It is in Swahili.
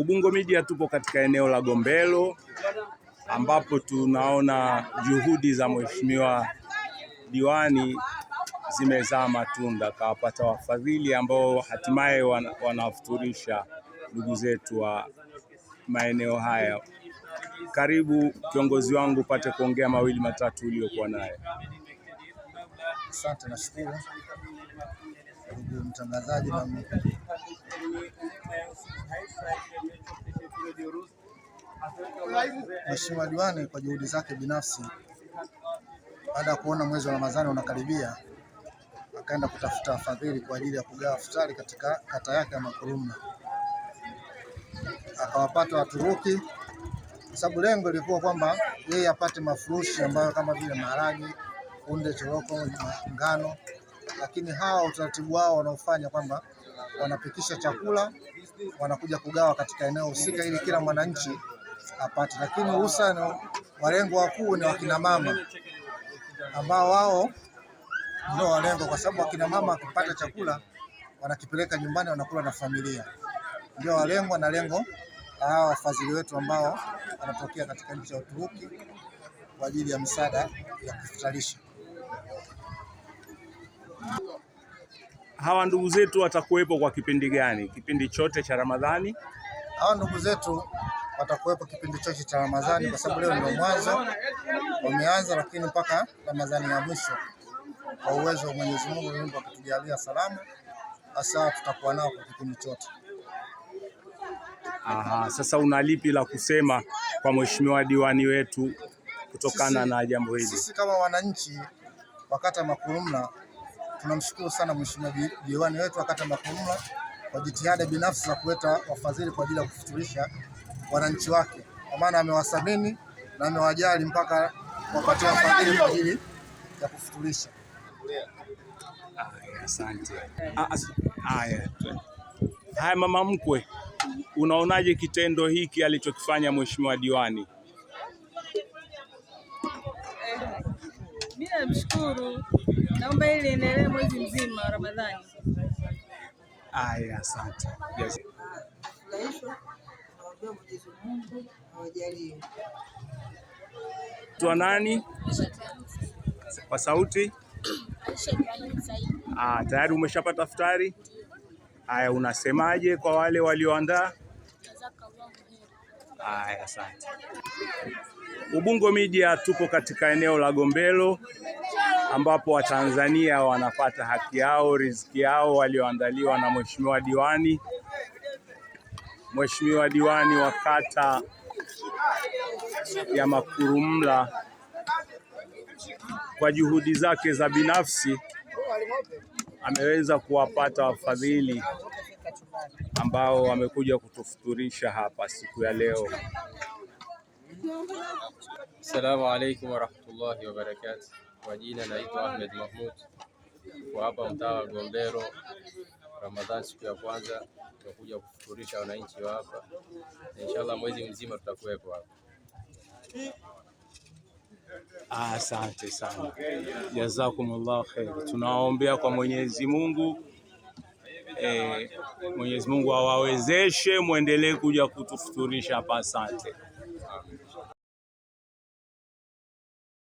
Ubungo Media tupo katika eneo la Gombelo ambapo tunaona juhudi za mheshimiwa diwani zimezaa matunda, kawapata wafadhili ambao hatimaye wanawafuturisha ndugu zetu wa maeneo haya. Karibu kiongozi wangu, upate kuongea mawili matatu uliyokuwa naye. Asante, nashukuru mtangazaji na Mheshimiwa Diwani kwa juhudi zake binafsi, baada ya kuona mwezi wa Ramadhani unakaribia, akaenda kutafuta fadhili kwa ajili ya kugawa futari katika kata yake ya Makurumla, akawapata Waturuki kwa sababu lengo lilikuwa kwamba yeye apate mafurushi ambayo kama vile maharage, kunde, choroko, ngano lakini hawa utaratibu wao wanaofanya kwamba wanapikisha chakula wanakuja kugawa katika eneo husika ili kila mwananchi apate, lakini hususan walengo wakuu ni wakina mama ambao wao ndio walengo, kwa sababu wakina mama wakipata chakula wanakipeleka nyumbani, wanakula na familia, ndio walengwa na lengo hawa wafadhili wetu ambao wanatokea katika nchi ya Uturuki kwa ajili ya msaada ya kufutalisha. Hawa ndugu zetu watakuwepo kwa kipindi gani? Kipindi chote cha Ramadhani? Hawa ndugu zetu watakuwepo kipindi chote cha Ramadhani kwa sababu leo ndio mwanzo wameanza, lakini mpaka Ramadhani ya mwisho kwa uwezo wa Mwenyezi Mungu Mungu akitujalia salama, hasa tutakuwa nao kwa kipindi chote. Aha, sasa una lipi la kusema kwa mheshimiwa diwani wetu kutokana sisi, na jambo hili? Sisi kama wananchi wakata Makurumla Tunamshukuru sana mheshimiwa diwani wetu wa kata kwa jitihada binafsi za kuleta wafadhili kwa ajili ya kufuturisha wananchi wake, kwa maana amewasamini na amewajali mpaka wapatia wafadhili kwa ajili ya kufuturisha. Asante. Ah, haya, haya mama mkwe, unaonaje kitendo hiki alichokifanya mheshimiwa diwani? Mimi namshukuru, naomba ili liendelee mwezi mzima wa Ramadhani. Aya, asante. Twa nani kwa sauti? Ah, tayari umeshapata iftari? Aya, unasemaje kwa wale walioandaa? Haya, asante. Ubungo Media tupo katika eneo la Gombelo ambapo Watanzania wanapata haki yao, riziki yao walioandaliwa na Mheshimiwa Diwani, Mheshimiwa Diwani wa kata ya Makurumla kwa juhudi zake za binafsi ameweza kuwapata wafadhili ambao wamekuja kutufuturisha hapa siku ya leo. Assalamu rahmatullahi warahmatullahi barakatuh. Kwa jina naitwa Ahmed Mahmud, kwa hapa mtaa wa Gombero. Ramadhani siku ya kwanza tumekuja kufuturisha wananchi wa hapa, na inshallah mwezi mzima tutakuwepo hapa. Asante sana, jazakumullahu khair. Tunawaombea kwa Mwenyezi Mungu eh, Mwenyezi Mungu awawezeshe mwendelee kuja kutufuturisha hapa. Asante.